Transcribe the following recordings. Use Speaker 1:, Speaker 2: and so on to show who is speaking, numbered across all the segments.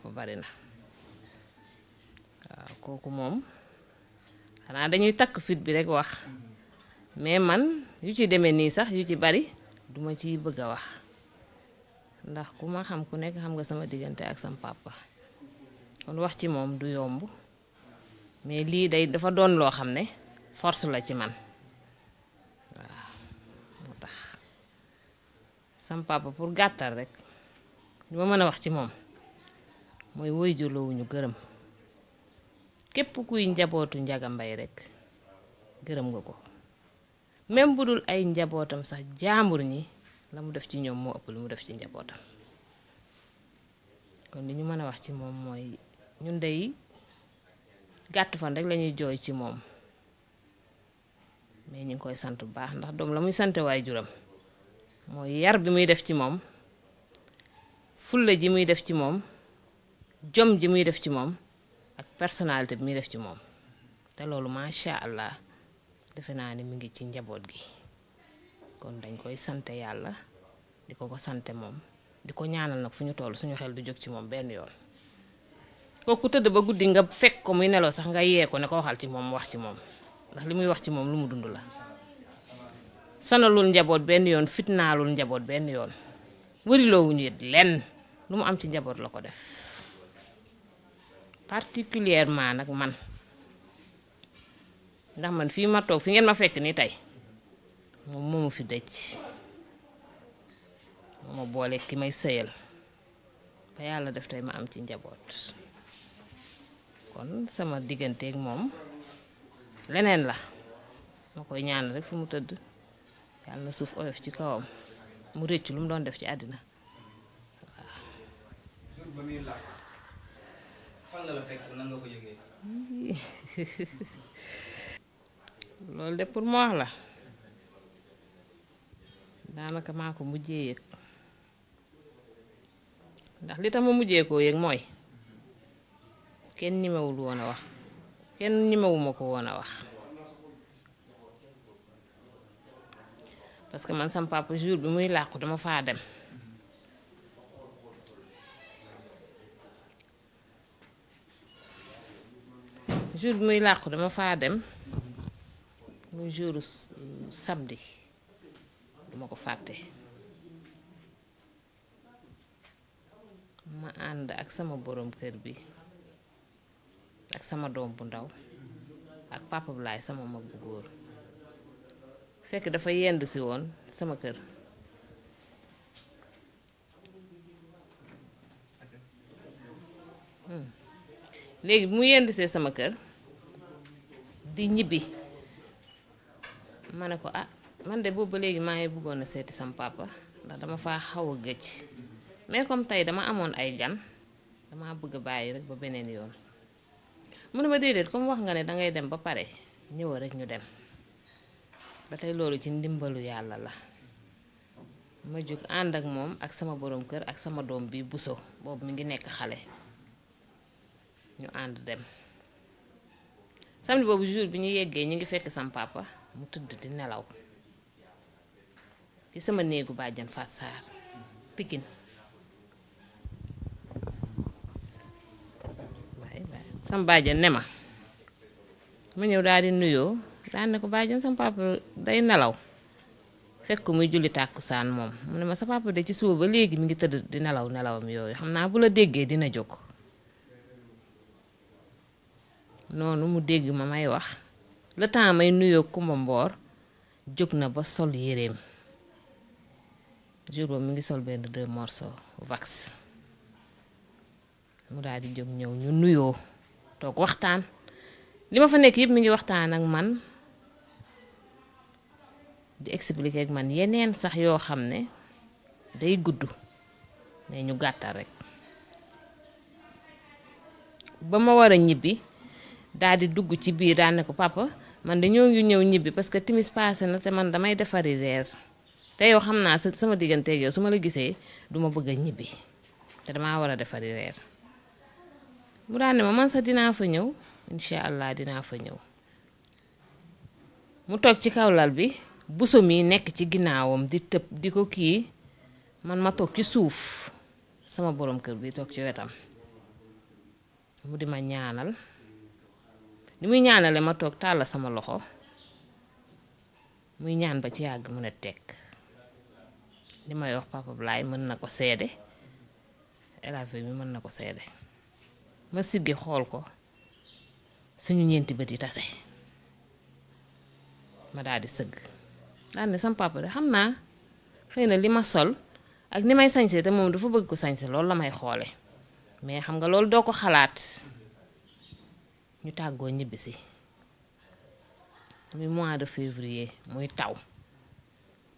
Speaker 1: papa bari na waaw kooku moom xanaa dañuy takk fit bi rekk wax mais man yu ci demee nii sax yu ci bari duma ciy bëgg a wax ndax ku ma xam ku nekk xam nga sama diggante ak sam kon wax ci moom du yomb mais lii day dafa doon loo xam ne force la ci man waaw moo tax sam papa pour gàttal rekk ñu ma mën a wax ci moom mooy woy joloowuñu gërëm képp kuy njabootu njaga mbay rekk gërëm nga ko même bu dul ay njabootam sax jaambur ñi la mu def ci ñoom moo ëpp lu mu def ci njabootam kon li ñu mën a wax ci moom mooy ñun day gàtt fan rek lañuy jooy ci moom mais ñu ngi koy sant bu baax ndax doom la muy sante waay juram mooy yar bi muy def ci moom fulla ji muy def ci moom jom ji muy def ci moom ak personnalité bi muy def ci moom te loolu macha allah defe naa ni mu ngi ci njaboot gi kon dañ koy sante yàlla di ko ko sante moom di ko ñaanal nag fu ñu toll suñu xel di jóg ci moom benn yoon kooku tëdd ba guddi nga fekk ko muy neloo sax nga yee ko ne ko waxal ci moom wax ci moom ndax li muy wax ci moom lu mu dund la sonalul njaboot benn yoon fitnaalul njaboot benn yoon wëriloowuñu it lenn lu mu am ci njaboot la ko def particulièrement nag man ndax man fii ma toog fi ngeen ma fekk ni tey moom moomu fi dëj mooma boole ki may sëyal ba yàlla def tey ma am ci njaboot kon sama digganteek moom leneen la ma koy ñaan rek fu mu tëdd yàlla na suuf oyof ci kawam mu rëcc lu mu doon def ci àddina la la de pour mu wax la daanaka maa ko mujjee yëg ndax li tax ma mujjee koo yëg mooy kenn ñemewul woon a wax kenn ñemewuma ko woon a wax parce que man sam papa jour bi muy làqu dama faa dem. jour bi muy làqu dama faa dem muy jour samedi duma ko fàtte ma ànd ak sama borom kër bi ak sama doom bu ndaw ak papa laay sama mag bu góor fekk dafa yendu si woon sama kër hmm. léegi bu mu yendu see sama kër di ñibbi ma ne ko ah man de boobu ba léegi maa ngi bëggoon a seeti sam papa ndax dama faa xaw a gëj mais comme tey dama amoon ay gan damaa bëgg a bàyyi rek ba beneen yoon mu ne ma déedéet comme wax nga ne dangay dem ba pare ñëwa rek ñu dem ba tey loolu ci ndimbalu yàlla la ma jóg ànd ak moom ak sama boroom kër ak sama doom bi buso boobu mu ngi nekk xale ñu ànd dem samedi boobu jour bi ñu yéggee ñu ngi fekk sam mu tëdd di nelaw ci sama néegu bàjjan Faat pikin Pikine sam bàjjan ne ma ma ñëw daal di nuyoo daal ne ko bàjjan sam day nelaw fekk muy julli saan moom mu ne ma sa papa de ci suba ba léegi mu ngi tëdd di nelaw nelawam yooyu xam naa bu la déggee dina jóg noonu mu dégg ma may wax le temps may nuyoo Kumba Mboor jóg na ba sol yéreem jour ba mu ngi sol benn deux morceaux vax mu daal di jóg ñëw ñu nuyoo toog waxtaan li ma fa nekk yëpp mi ngi waxtaan ak man di expliquer ak man yeneen sax yoo xam ne day gudd mais ñu gàttal rek ba ma war a ñibbi daal di dugg ci biir daal ne ko papa man dañoo ngi ñëw ñibbi parce que timis passé na te man damay defari reer te yow xam naa sama digganteeg yow su ma la gisee duma bëgg ñibbi te damaa war a defari reer mu daal ne ma man sax dinaa fa ñëw incha allah dinaa fa ñëw mu toog ci kaw lal bi busom mi nekk ci ginnaawam di tëb di ko kii man ma toog ci suuf sama borom kër bi toog ci wetam mu di ma ñaanal. li muy ñaanale ma toog tàll sama loxo muy ñaan ba ci yàgg mu ne teg li may wax papa Blaye mën na ko seede El bi mën na ko seede ma siggi xool ko suñu ñeenti bët yi tase ma daal di sëgg daal ne sama papa de xam naa xëy na li ma sol ak ni may sañse te moom dafa bëgg ko sañse loolu la may xoole mais xam nga loolu doo ko xalaat ñu tàggoo ñibbisi muy mois de février muy taw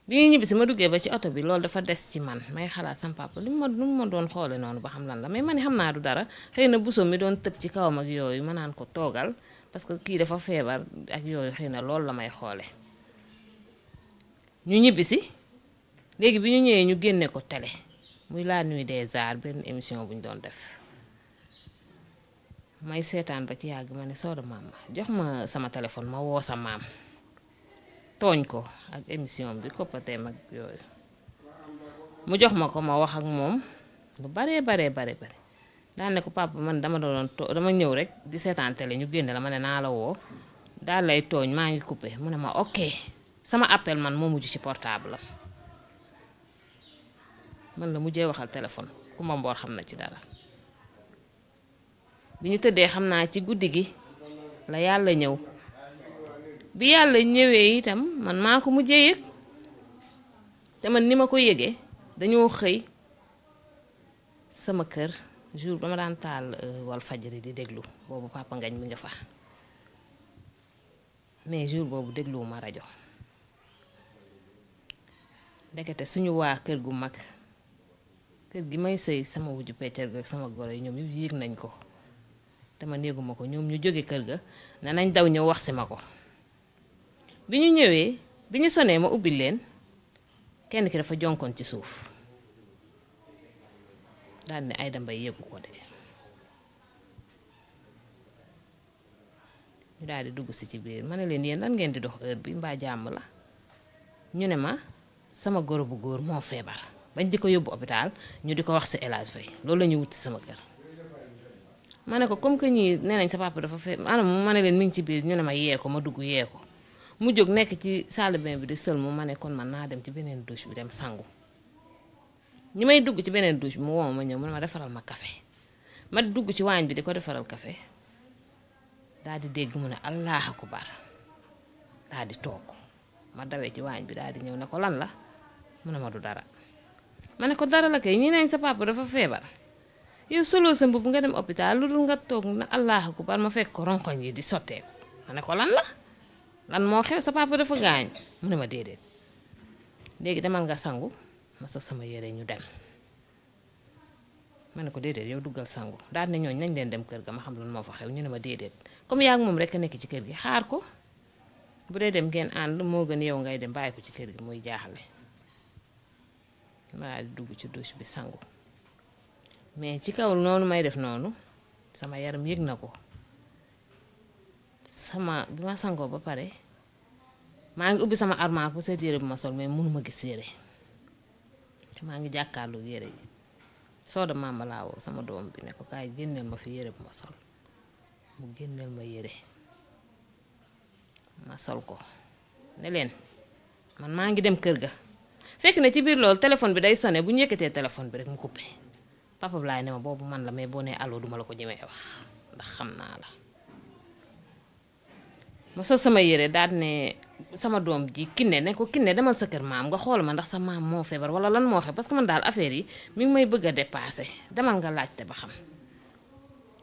Speaker 1: bi ñu ñibbisi ma duggee ba ci oto bi loolu dafa des ci man may xalaat sam papa li ma lu ma doon xoole noonu ba xam lan la mais man xam naa du dara xëy na buso mi doon tëb ci kawam ak yooyu ma naan ko toogal parce que kii dafa feebar ak yooyu xëy na loolu la may xoole ñu ñibbisi léegi bi ñu ñëwee ñu génne ko tele muy la nuit des arts benn émission bu ñu doon def may seetaan ba ci yàgg ma ne Soda ma jox ma sama téléphone ma woo sa maam tooñ ko ak émission bi koppateem mag yooyu mu jox ma ko ma wax ak moom lu baree baree bare bare daan ne ko papa man dama doon too dama ñëw rek di seetaan télé ñu génne la ma ne naa la woo daal lay tooñ maa ngi coupé mu ne ma ok sama appel man moo mujj ci portable am man la mujjee waxal téléphone ku ma mboor xam na ci dara bi ñu tëddee xam naa ci guddi gi la yàlla ñëw bi yàlla ñëwee itam man maa ko mujjee yëg te man ni ma ko yëgee dañoo xëy sama kër jour ba ma daan taal euh, wal fajari di déglu boobu papa ngañ mi nga fa mais jour boobu dégluwuma rajo ndekete suñu waa kër gu mag kër gi may sëy sama wujju peccar gi ak sama goro yi ñoom yëg nañ ko te néeguma ko ñoom ñu jóge kër ga ne nañ daw ñëw wax si ma ko bi ñu ñëwee bi ñu sonee ma ubbi leen kenn ki dafa jonkoon ci suuf daal ne Aïda Mbaye yëgu ko de ñu daal di dugg si ci biir ma ne leen yenn lan ngeen di dox heure bi mbaa jàmm la ñu ne ma sama goro bu góor moo feebar bañ di ko yóbbu hôpital ñu di ko wax si elaaj Hadj loolu lañuy ñu wut sama kër ma ne ko comme que ñii nee nañ sa papa dafa fe anam ma ne leen mu ngi ci biir ñu ne ma yee ma dugg yeeko mu jóg nekk ci salle bain bi di sël mu ma ne kon man naa dem ci beneen douche bi dem sangu ñi may dugg ci beneen douche bi mu woo ma ñëw mu ne ma defaral ma kafe ma dugg ci waañ bi di ko defaral kafe daal di dégg mu ne allah akubar daal di toog ma dawee ci waañ bi daal di ñëw ne ko lan la mu ne ma du dara ma ne ko dara la kay ñi nañ sa papa dafa feebar. yow solo sa mbubb nga dem hôpital lu dul nga toog na allah akubar ma fekk ko ronkoñ yi di sotteeku ma ne ko lan la lan moo xew sa papa dafa gaañ mu ne ma déedéet léegi demal nga sangu ma sax sama yére ñu dem ma ne ko déedéet yow duggal sangu daal ne ñooñ nañ leen dem kër ga ma xam lan moo fa xew ñu ne ma déedéet comme yaa moom rek a nekk ci kër gi xaar ko bu dee dem ngeen ànd moo gën yow ngay dem bàyyi ko ci kër gi muy jaaxle ma di dugg ci douche bi sangu mais ci kaw noonu may def noonu sama yaram yëg na ko sama bi ma sangoo ba pare maa ngi ubbi sama armoire pour seet yére bi ma sol mais mënuma gis yére maa ngi jàkkaarloo yére yi soo de sama doom bi ne ko kaay ma fi yére bu ma sol mu génneel ma yére ma sol ko ne leen man maa ngi dem kër ga fekk na ci biir loolu téléphone bi day sonné bu ñu yëkkatee téléphone bi rek mu coupé. papa Ablaye ne ma boobu man la mais boo nee allo duma la ko jëmee wax ndax xam naa la ma sol sama yére daal ne sama doom ji kinne ne ko ne demal sa kër maam nga xool ma ndax sa maam moo feebar wala lan moo xew parce que man daal affaire yi mi may bëgg a dépassé demal nga laajte ba xam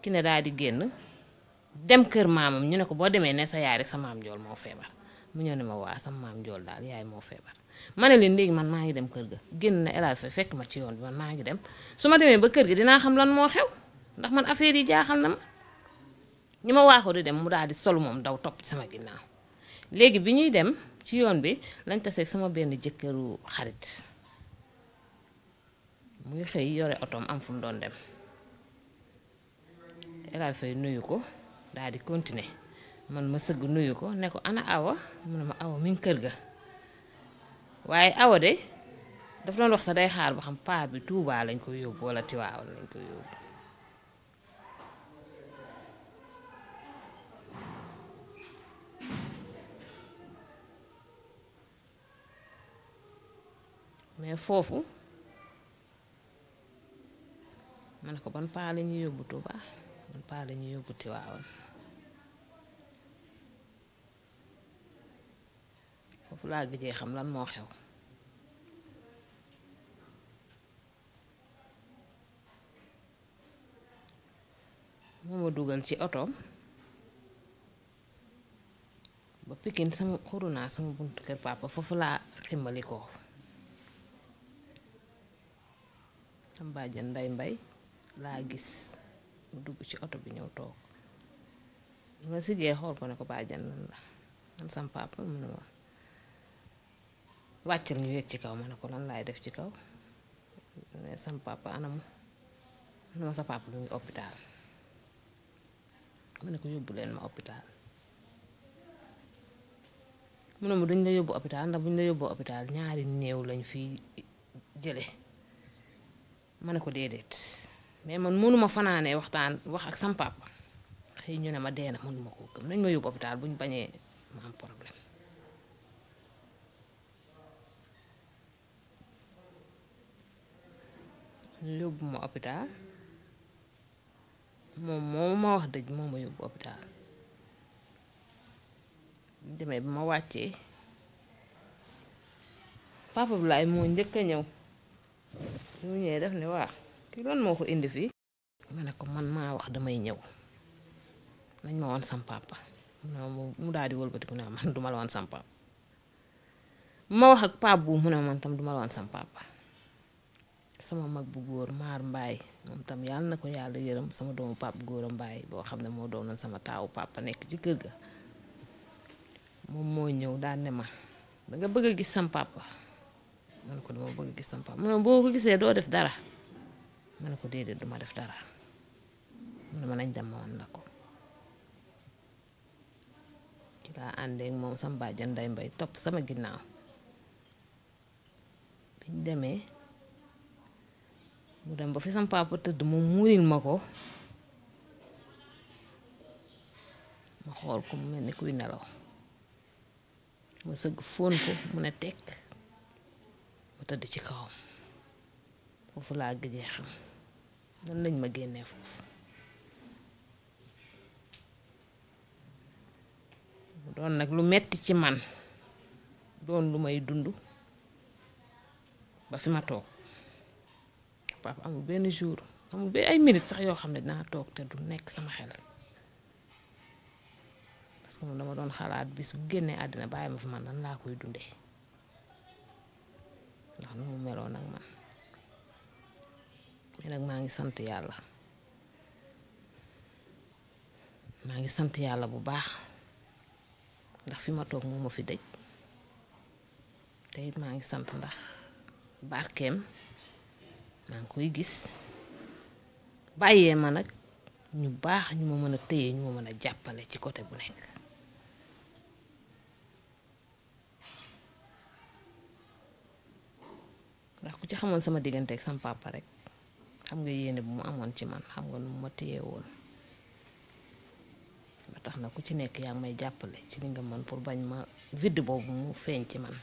Speaker 1: ne daal di génn dem kër maamam ñu ne ko boo demee ne sa yaay rek sa maam jool moo feebar mu ñëw ne ma waa sam maam jool daal yaay moo feebar ma ne leen léegi man maa ngi dem kër ga génn na El Hadj fekk ma ci yoon bi man maa ngi dem su ma demee ba kër gi dinaa xam lan moo xew ndax man affaire yi jaaxal na ma ñi ma waaxoo di dem mu daal di sol moom daw topp sama ginnaaw léegi bi ñuy dem ci yoon bi lañ taseeg sama benn jëkkëru xarit muy xëy yore otoom am fu doon dem El Hadj Faye nuyu ko daal di continuer man ma sëgg nuyu ko ne ko ana awa mu ne ma awa mi kër ga waaye awa de daf doon wax sax day xaar ba xam paa bi Touba lañ koy yóbbu wala Tiwaawan lañ ko yóbbu mais foofu man ko ban paa la ñuy yóbbu Touba ban paa la yóbbu Tiwaawan foofu laa gëjee xam lan moo xew moo ma dugal ci oto ba Pikine sama xuru naa sama buntu kër papa foofu laa ximbali ko ambaaja nday mbay laa gis mu dugg ci oto bi ñëw toog nga siggee xool ko ne ko bàjjan lan la man sam papa mu ne ma wàccal ñu yéeg ci kaw ma ne ko lan laay def ci kaw ne sam papa anamu mu sa papa mu ngi hôpital ma ko yóbbu leen ma hôpital mu ne duñ la yóbbu hôpital ndax buñ la yóbbu hôpital ñaari néew lañ fii jële ma ne ko déedéet mais man mënuma fanaanee waxtaan wax ak sam papa xëy ñu ne ma deena mënuma koo gëm nañ ma yóbbu bu ñu bañee ma am yóbbu ma opitaal moom moo ma wax dëgg moo ma yóbbu opitaal demee bi ma wàccee papa laay moo njëkk a ñëw bi ñëwee def ne waa ki doon moo ko indi fii ma ne ko man maa wax damay ñëw nañ ma woon sam papa mu daal di wëlbatiku ne man duma la woon sam ma wax ak pap bu mu ne man tam duma la woon sam sama mag bu góor maar mbaay moom tam yàlla na ko yàlla yërëm sama doomu pap góor a mbaay boo xam ne moo doonoon sama taawu papa nekk ci kër ga moom moo ñëw daal ne ma da nga bëgg a gis sam papa ma ne ko dama bëgg a gis sam papa boo ko gisee doo def dara ma ne ko déedéet duma def dara mu ne ma nañ dem ma wan ko ci laa àndeek moom sama bàjjan nday mbay topp sama ginnaaw biñ demee mu dem ba fi sama papa tëdd mu muuril ma ko ma xool ko mu mel ni kuy nelaw ma sëgg fóon ko mu ne tekk mu tëdd ci kawam foofu laa gëjee xam nan lañ ma génnee foofu mu doon nag lu metti ci man doon lu may dund ba fi ma toog papa amul benn jour amul benn ay minutes sax yoo xam ne dinaa toog te du nekk sama xel parce que dama doon xalaat bis bu génnee àddina bàyyi ma fi man nan laa koy dunde ndax nu mu meloon ak man mais nag maa ngi sant yàlla maa ngi sant yàlla bu baax ndax fi ma toog moo ma fi dëj te it maa ngi sant ndax barkeem. maa ngi koy gis bàyyee ma nag ñu baax ñu ma mën a téye ñu ma mën a jàppale ci côté bu nekk ndax ku ci xamoon sama diggante ak sama papa rek xam nga yéene bu mu amoon ci man xam nga nu ma téye woon ba tax na ku ci nekk yaa ngi may jàppale ci li nga mën pour bañ ma vidde boobu mu feeñ ci man